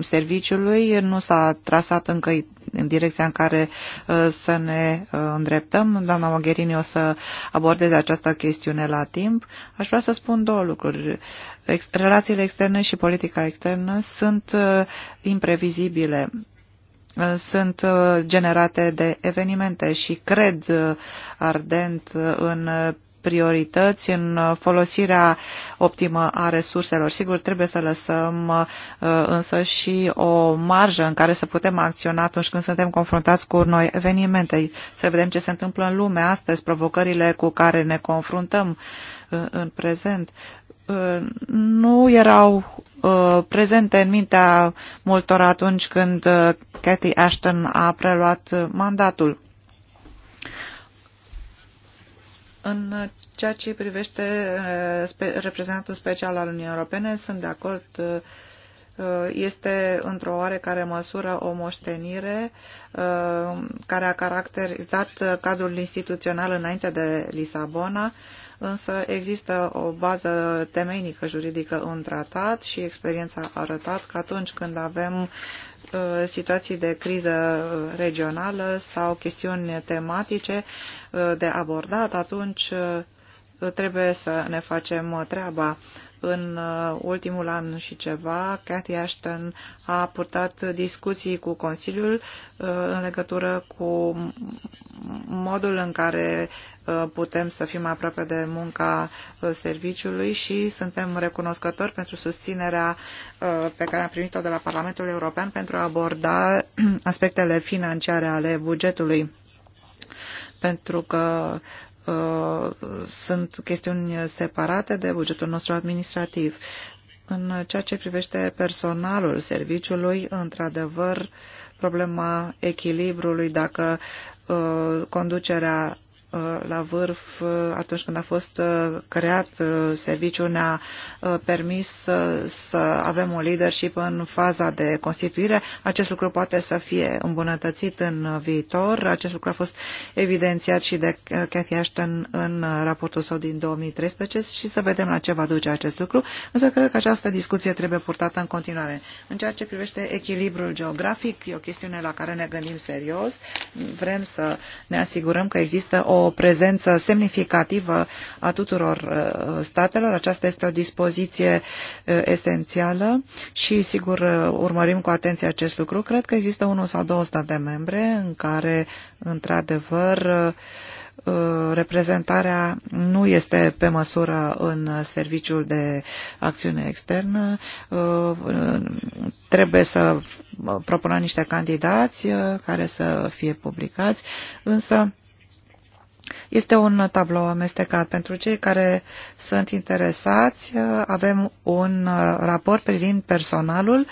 serviciului. Nu s-a trasat încă în direcția în care uh, să ne uh, îndreptăm. Doamna Mogherini o să abordeze această chestiune la timp. Aș vrea să spun două lucruri. Relațiile externe și politica externă sunt uh, imprevizibile sunt generate de evenimente și cred ardent în priorități în uh, folosirea optimă a resurselor. Sigur, trebuie să lăsăm uh, însă și o marjă în care să putem acționa atunci când suntem confruntați cu noi evenimente. Să vedem ce se întâmplă în lume astăzi, provocările cu care ne confruntăm uh, în prezent. Nu erau prezente în mintea multor atunci când Cathy Ashton a preluat mandatul. În ceea ce privește uh, reprezentantul special al Uniunii Europene, sunt de acord, uh, este într-o oarecare măsură o moștenire uh, care a caracterizat cadrul instituțional înainte de Lisabona, însă există o bază temeinică juridică în tratat și experiența a arătat că atunci când avem uh, situații de criză regională sau chestiuni tematice uh, de abordat, atunci uh, trebuie să ne facem treaba. În ultimul an și ceva, Cathy Ashton a purtat discuții cu Consiliul în legătură cu modul în care Uh, putem să fim aproape de munca uh, serviciului și suntem recunoscători pentru susținerea uh, pe care am primit-o de la Parlamentul European pentru a aborda aspectele financiare ale bugetului pentru că sunt chestiuni separate de bugetul nostru administrativ. În ceea ce privește personalul serviciului, într-adevăr, problema echilibrului, dacă conducerea Uh, la vârf uh, atunci când a fost uh, creat serviciul ne-a permis să, să avem un leadership în faza de constituire. Acest lucru poate să fie îmbunătățit în viitor. Acest lucru a fost evidențiat și de Cathy Ashton în raportul său din 2013 și să vedem la ce va duce acest lucru. Însă cred că această discuție trebuie purtată în continuare. În ceea ce privește echilibrul geografic, e o chestiune la care ne gândim serios. Vrem să ne asigurăm că există o prezență semnificativă a tuturor uh, statelor. Aceasta este o dispoziție uh, esențială și, sigur, uh, urmărim cu atenție acest lucru. Cred că există unul sau două state membre în care, într-adevăr, reprezentarea nu este pe măsură în serviciul de acțiune externă. Trebuie să propună niște candidați care să fie publicați, însă este un tablou amestecat. Pentru cei care sunt interesați, avem un uh, raport privind personalul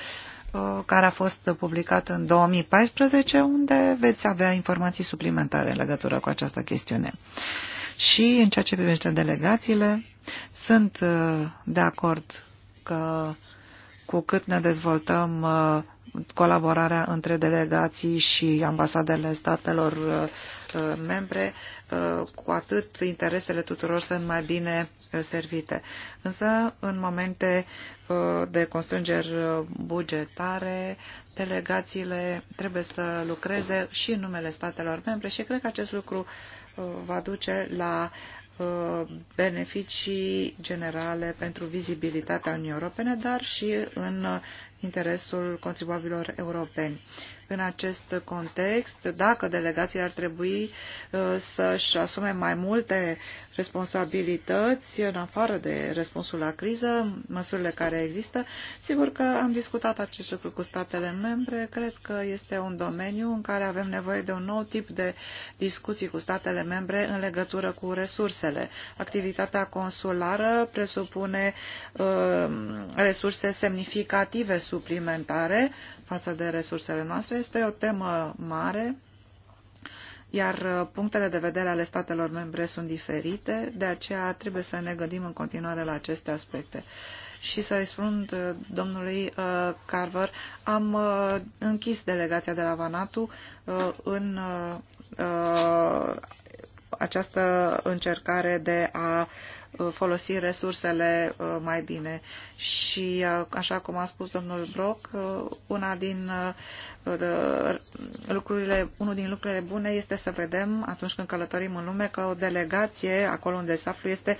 uh, care a fost publicat în 2014, unde veți avea informații suplimentare în legătură cu această chestiune. Și în ceea ce privește delegațiile, sunt uh, de acord că cu cât ne dezvoltăm colaborarea între delegații și ambasadele statelor uh, uh, membre, uh, cu atât interesele tuturor sunt mai bine servite. Însă, în momente de constrângeri bugetare, delegațiile trebuie să lucreze și în numele statelor membre și cred că acest lucru va duce la beneficii generale pentru vizibilitatea Uniunii Europene, dar și în interesul contribuabilor europeni. În acest context, dacă delegațiile ar trebui uh, să-și asume mai multe responsabilități în afară de răspunsul la criză, măsurile care există, sigur că am discutat acest lucru cu statele membre. Cred că este un domeniu în care avem nevoie de un nou tip de discuții cu statele membre în legătură cu resursele. Activitatea consulară presupune uh, resurse semnificative suplimentare față de resursele noastre. Este o temă mare, iar uh, punctele de vedere ale statelor membre sunt diferite, de aceea trebuie să ne gândim în continuare la aceste aspecte. Și să răspund uh, domnului uh, Carver, am închis delegația de la Vanatu în această încercare de a Uh, folosi resursele uh, mai bine. Și, uh, așa cum a spus domnul Brock, una din lucrurile, unul din lucrurile bune este să vedem atunci când călătorim în lume că o delegație, acolo unde se află, este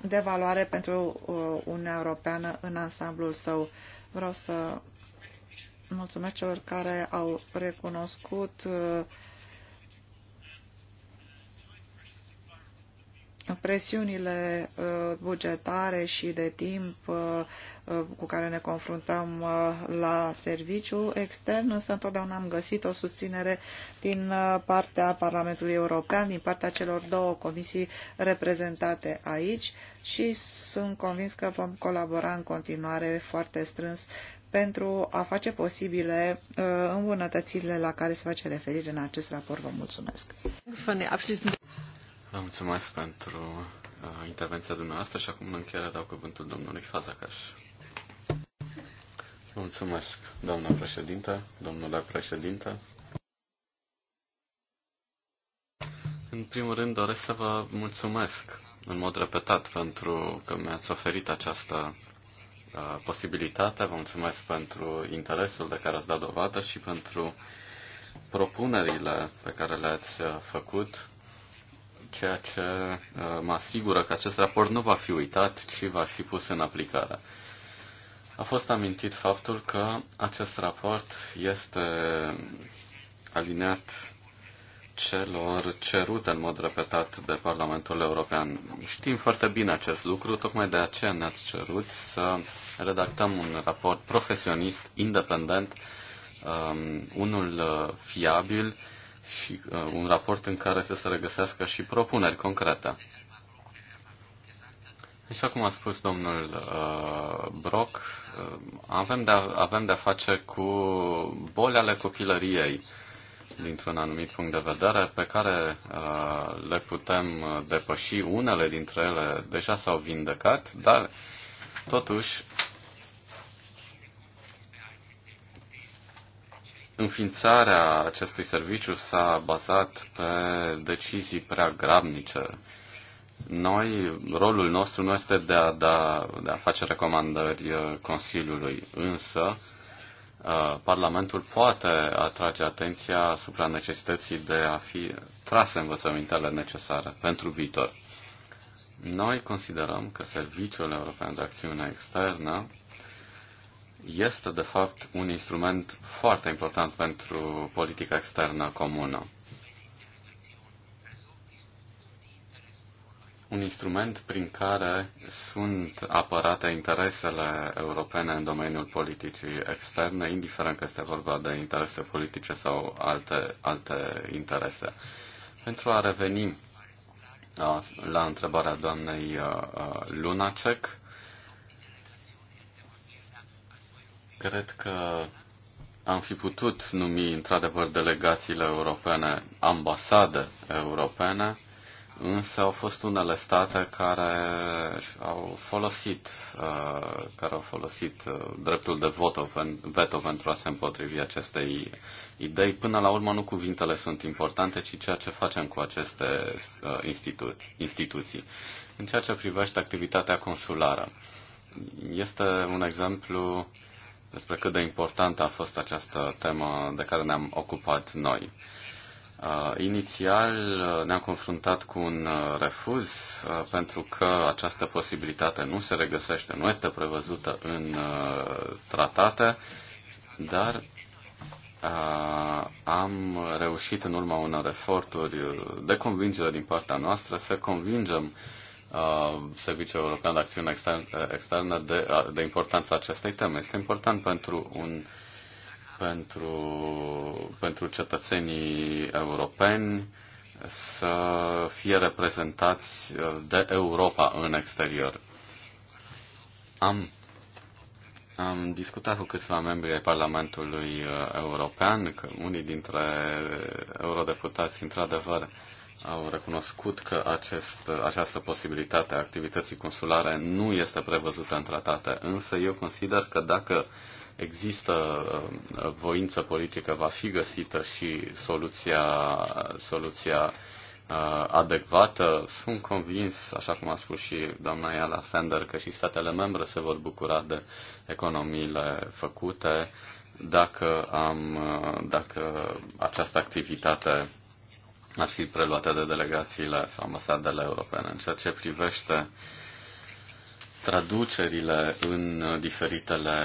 de valoare pentru Uniunea Europeană în ansamblul său. Vreau să mulțumesc celor care au recunoscut uh, presiunile uh, bugetare și de timp uh, uh, cu care ne confruntăm la serviciu extern, însă întotdeauna am găsit o susținere din partea Parlamentului European, din partea celor două comisii reprezentate aici și sunt convins că vom colabora în continuare foarte strâns pentru a face posibile îmbunătățirile la care se face referire în acest raport. Vă mulțumesc! Vă mulțumesc pentru uh, intervenția dumneavoastră și acum în încheiere dau cuvântul domnului Vă Mulțumesc, doamna președinte, domnule președinte. În primul rând doresc să vă mulțumesc în mod repetat pentru că mi-ați oferit această uh, posibilitate. Vă mulțumesc pentru interesul de care ați dat dovadă și pentru propunerile pe care le-ați uh, făcut ceea ce uh, mă asigură că acest raport nu va fi uitat, ci va fi pus în aplicare. A fost amintit faptul că acest raport este alineat celor cerute în mod repetat de Parlamentul European. Știm foarte bine acest lucru, tocmai de aceea ne-ați cerut să redactăm un raport profesionist, independent, um, unul uh, fiabil, și uh, un raport în care să se regăsească și propuneri concrete. Așa deci, cum a spus domnul uh, Brock, uh, avem de-a avem de face cu boli ale copilăriei dintr-un anumit punct de vedere pe care uh, le putem uh, depăși. Unele dintre ele deja s-au vindecat, dar totuși Înființarea acestui serviciu s-a bazat pe decizii prea grabnice. Noi, rolul nostru nu este de a, da, de a face recomandări uh, Consiliului, însă uh, Parlamentul poate atrage atenția asupra necesității de a fi trase învățămintele necesare pentru viitor. Noi considerăm că Serviciul European de Acțiune Externă este, de fapt, un instrument foarte important pentru politica externă comună. Un instrument prin care sunt apărate interesele europene în domeniul politicii externe, indiferent că este vorba de interese politice sau alte, alte interese. Pentru a reveni uh, la întrebarea doamnei uh, uh, Lunacek, Cred că am fi putut numi într-adevăr delegațiile europene ambasade europene, însă au fost unele state care au folosit, uh, care au folosit uh, dreptul de voto, veto pentru a se împotrivi acestei idei. Până la urmă nu cuvintele sunt importante, ci ceea ce facem cu aceste uh, institu- instituții. În ceea ce privește activitatea consulară, este un exemplu despre cât de importantă a fost această temă de care ne-am ocupat noi. Uh, inițial uh, ne-am confruntat cu un uh, refuz uh, pentru că această posibilitate nu se regăsește, nu este prevăzută în uh, tratate, dar uh, am reușit în urma unor eforturi de convingere din partea noastră să convingem uh, Uh, Serviciul European de Acțiune uh, Externă de, uh, de importanța acestei teme. Este important pentru un pentru, pentru cetățenii europeni să fie reprezentați de Europa în exterior. Am, am discutat cu câțiva membri ai Parlamentului European, că unii dintre eurodeputați, într-adevăr, au recunoscut că acest, această posibilitate a activității consulare nu este prevăzută în tratate, însă eu consider că dacă există uh, voință politică, va fi găsită și soluția, soluția uh, adecvată. Sunt convins, așa cum a spus și doamna Iala Sander, că și statele membre se vor bucura de economiile făcute dacă, am, uh, dacă această activitate ar fi preluate de delegațiile sau ambasadele europene. În ceea ce privește traducerile în diferitele,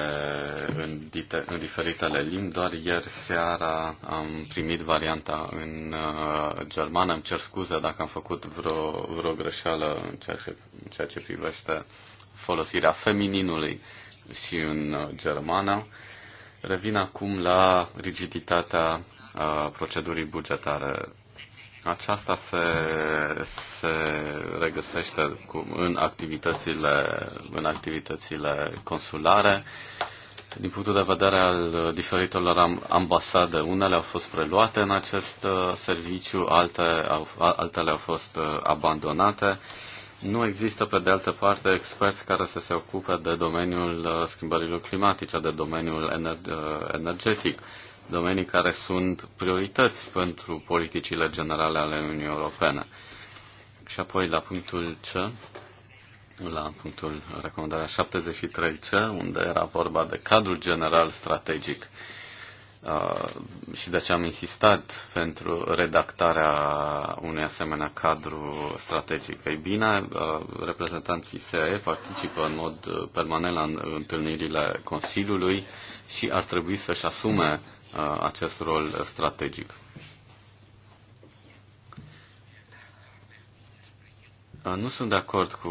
în, dite, în diferitele limbi, doar ieri seara am primit varianta în uh, germană. Îmi cer scuze dacă am făcut vreo, vreo greșeală în ceea, ce, în ceea ce privește folosirea femininului și în uh, germană. Revin acum la rigiditatea uh, procedurii bugetare aceasta se, se regăsește cu, în, activitățile, în activitățile consulare. Din punctul de vedere al diferitelor ambasade, unele au fost preluate în acest uh, serviciu, alte au, altele au fost uh, abandonate. Nu există, pe de altă parte, experți care să se ocupe de domeniul uh, schimbărilor climatice, de domeniul energetic domenii care sunt priorități pentru politicile generale ale Uniunii Europene. Și apoi la punctul C, la punctul recomandarea 73C, unde era vorba de cadrul general strategic. Uh, și de ce am insistat pentru redactarea unui asemenea cadru strategic. Ei bine, uh, reprezentanții SE participă în mod uh, permanent la întâlnirile Consiliului și ar trebui să-și asume Uh, acest rol strategic. Uh, nu sunt de acord cu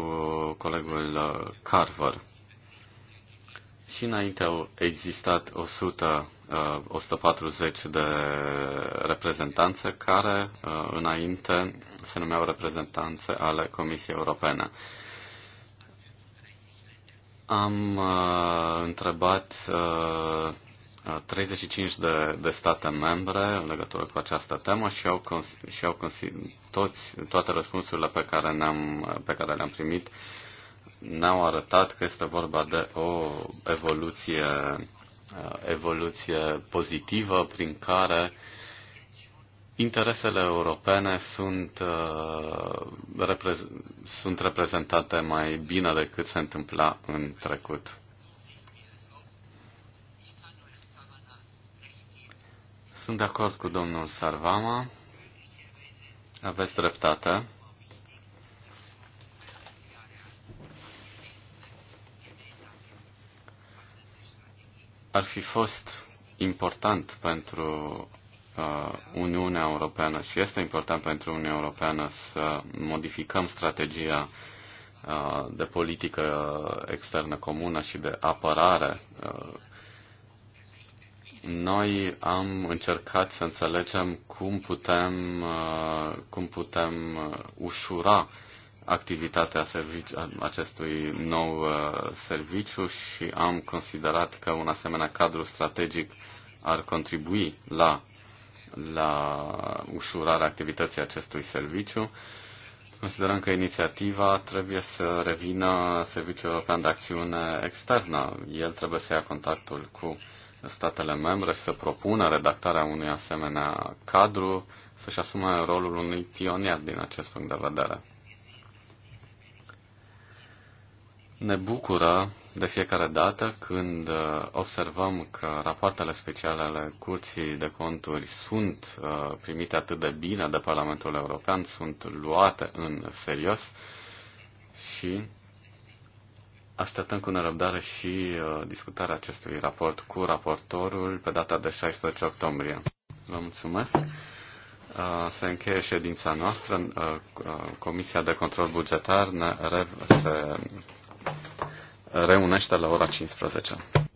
colegul uh, Carver. Și înainte au existat 100, 140 de reprezentanțe care înainte se numeau reprezentanțe ale Comisiei Europene. Am întrebat 35 uh, de, de state membre în legătură cu această temă și au, și au toți, toate răspunsurile pe care, ne-am, pe care le-am primit ne-au arătat că este vorba de o evoluție, uh, evoluție pozitivă prin care interesele europene sunt, uh, sunt reprezentate mai bine decât se întâmpla în trecut. Sunt de acord cu domnul Sarvama. Aveți dreptate. Ar fi fost important pentru uh, Uniunea Europeană și este important pentru Uniunea Europeană să modificăm strategia uh, de politică externă comună și de apărare uh, noi am încercat să înțelegem cum putem, uh, cum putem uh, ușura activitatea servici, acestui nou uh, serviciu și am considerat că un asemenea cadru strategic ar contribui la, la ușurarea activității acestui serviciu. Considerăm că inițiativa trebuie să revină Serviciul European de Acțiune Externă. El trebuie să ia contactul cu uh, statele membre și să propună redactarea unui asemenea cadru să-și asume rolul unui pionier din acest punct de vedere. Ne bucură de fiecare dată când uh, observăm că rapoartele speciale ale Curții de Conturi sunt uh, primite atât de bine de Parlamentul European, sunt luate în serios și Așteptăm cu nerăbdare și uh, discutarea acestui raport cu raportorul pe data de 16 octombrie. Vă mulțumesc. Uh, se încheie ședința noastră. Uh, uh, Comisia de control bugetar ne re- se reunește la ora 15.